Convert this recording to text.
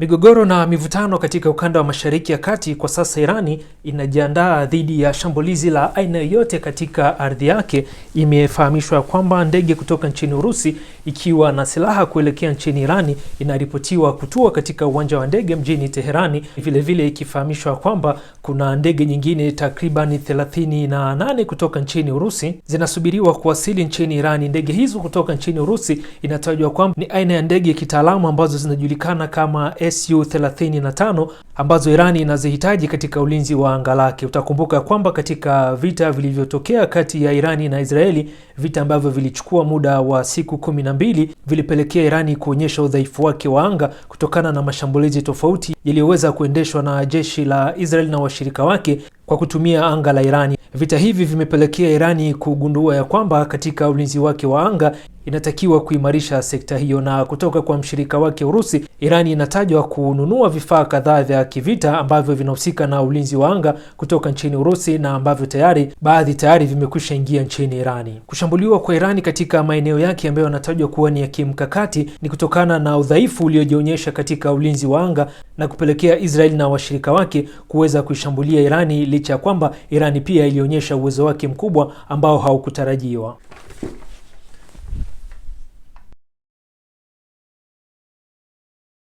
Migogoro na mivutano katika ukanda wa Mashariki ya Kati kwa sasa, Irani inajiandaa dhidi ya shambulizi la aina yoyote katika ardhi yake. Imefahamishwa kwamba ndege kutoka nchini Urusi ikiwa na silaha kuelekea nchini Irani inaripotiwa kutua katika uwanja wa ndege mjini Teherani, vilevile ikifahamishwa kwamba kuna ndege nyingine takriban 38 kutoka nchini Urusi zinasubiriwa kuwasili nchini Irani. Ndege hizo kutoka nchini Urusi inatajwa kwamba ni aina ya ndege kitaalamu ambazo zinajulikana kama SU-35 ambazo Irani inazihitaji katika ulinzi wa anga lake. Utakumbuka kwamba katika vita vilivyotokea kati ya Irani na Israeli, vita ambavyo vilichukua muda wa siku kumi na mbili, vilipelekea Irani kuonyesha udhaifu wake wa anga kutokana na mashambulizi tofauti yaliyoweza kuendeshwa na jeshi la Israeli na washirika wake kwa kutumia anga la Irani. Vita hivi vimepelekea Irani kugundua ya kwamba katika ulinzi wake wa anga inatakiwa kuimarisha sekta hiyo, na kutoka kwa mshirika wake Urusi, Irani inatajwa kununua vifaa kadhaa vya kivita ambavyo vinahusika na ulinzi wa anga kutoka nchini Urusi na ambavyo tayari baadhi tayari vimekwisha ingia nchini Irani. Kushambuliwa kwa Irani katika maeneo yake ambayo yanatajwa kuwa ni ya kimkakati ni kutokana na udhaifu uliojionyesha katika ulinzi wa anga na kupelekea Israeli na washirika wake kuweza kuishambulia Irani licha ya kwamba Irani pia ilio alionyesha uwezo wake mkubwa ambao haukutarajiwa.